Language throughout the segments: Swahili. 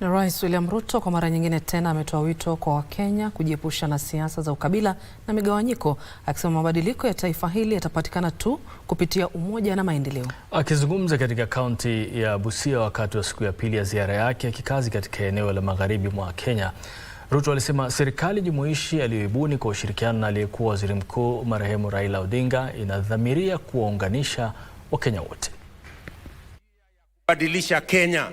Na Rais William Ruto kwa mara nyingine tena ametoa wito kwa Wakenya kujiepusha na siasa za ukabila na migawanyiko, akisema mabadiliko ya taifa hili yatapatikana tu kupitia umoja na maendeleo. Akizungumza katika kaunti ya Busia wakati wa siku ya pili ya ziara yake ya kikazi katika eneo la magharibi mwa Kenya, Ruto alisema serikali jumuishi aliyoibuni kwa ushirikiano na aliyekuwa waziri mkuu marehemu Raila Odinga inadhamiria kuwaunganisha Wakenya wote. Badilisha Kenya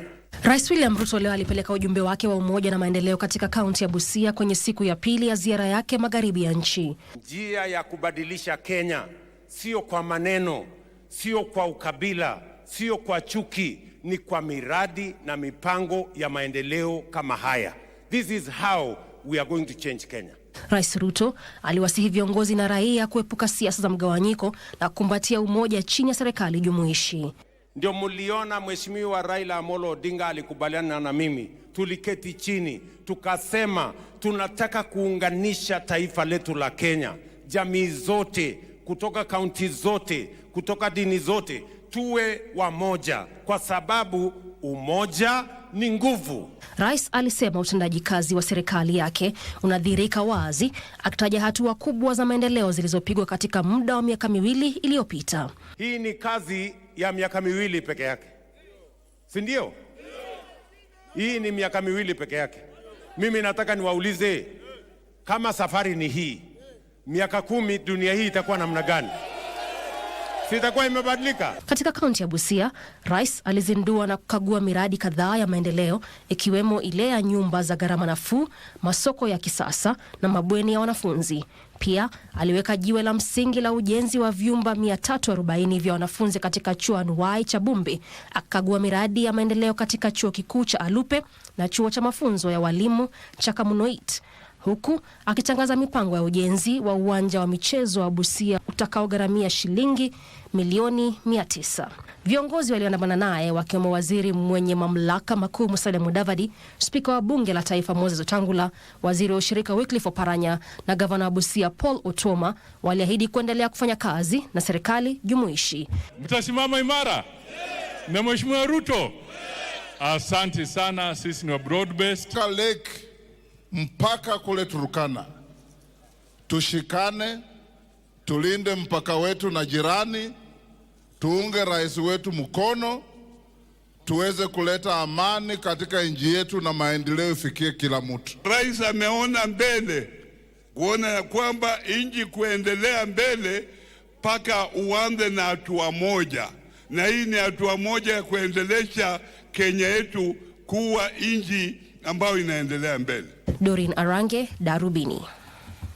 Rais William Ruto leo alipeleka ujumbe wake wa umoja na maendeleo katika kaunti ya Busia kwenye siku ya pili ya ziara yake magharibi ya nchi. Njia ya kubadilisha Kenya sio kwa maneno, sio kwa ukabila, sio kwa chuki, ni kwa miradi na mipango ya maendeleo kama haya. This is how we are going to change Kenya. Rais Ruto aliwasihi viongozi na raia kuepuka siasa za mgawanyiko na kukumbatia umoja chini ya serikali jumuishi. Ndio mliona Mheshimiwa Raila Amolo Odinga alikubaliana na mimi, tuliketi chini tukasema tunataka kuunganisha taifa letu la Kenya, jamii zote kutoka kaunti zote kutoka dini zote tuwe wamoja, kwa sababu umoja ni nguvu. Rais alisema utendaji kazi wa serikali yake unadhihirika wazi, akitaja hatua kubwa za maendeleo zilizopigwa katika muda wa miaka miwili iliyopita. Hii ni kazi ya miaka miwili peke yake, si ndio? Hii ni miaka miwili peke yake. Mimi nataka niwaulize, kama safari ni hii, miaka kumi dunia hii itakuwa namna gani? sitakuwa imebadilika. Katika kaunti ya Busia, rais alizindua na kukagua miradi kadhaa ya maendeleo ikiwemo ile ya nyumba za gharama nafuu, masoko ya kisasa na mabweni ya wanafunzi. Pia aliweka jiwe la msingi la ujenzi wa vyumba 340 vya wanafunzi katika chuo anuwai cha Bumbi, akagua miradi ya maendeleo katika chuo kikuu cha Alupe na chuo cha mafunzo ya walimu cha Kamunoit huku akitangaza mipango ya ujenzi wa uwanja wa michezo wa Busia utakaogharamia shilingi milioni mia tisa. Viongozi walioandamana naye wakiwemo waziri mwenye mamlaka makuu Musalia Mudavadi, spika wa bunge la taifa Moses Wetangula, waziri wa ushirika Wycliffe Oparanya na gavana wa Busia Paul Otuoma waliahidi kuendelea kufanya kazi na serikali jumuishi. Mtasimama imara na Mheshimiwa Ruto. Asante sana, sisi ni wa broad based. Lake mpaka kule turukana Tushikane, tulinde mpaka wetu na jirani, tuunge rais wetu mkono, tuweze kuleta amani katika nchi yetu na maendeleo ifikie kila mtu. Rais ameona mbele kuona ya kwamba nchi kuendelea mbele mpaka uanze na hatua moja, na hii ni hatua moja ya kuendelesha Kenya yetu kuwa nchi ambayo inaendelea mbele. Dorin Arange, Darubini.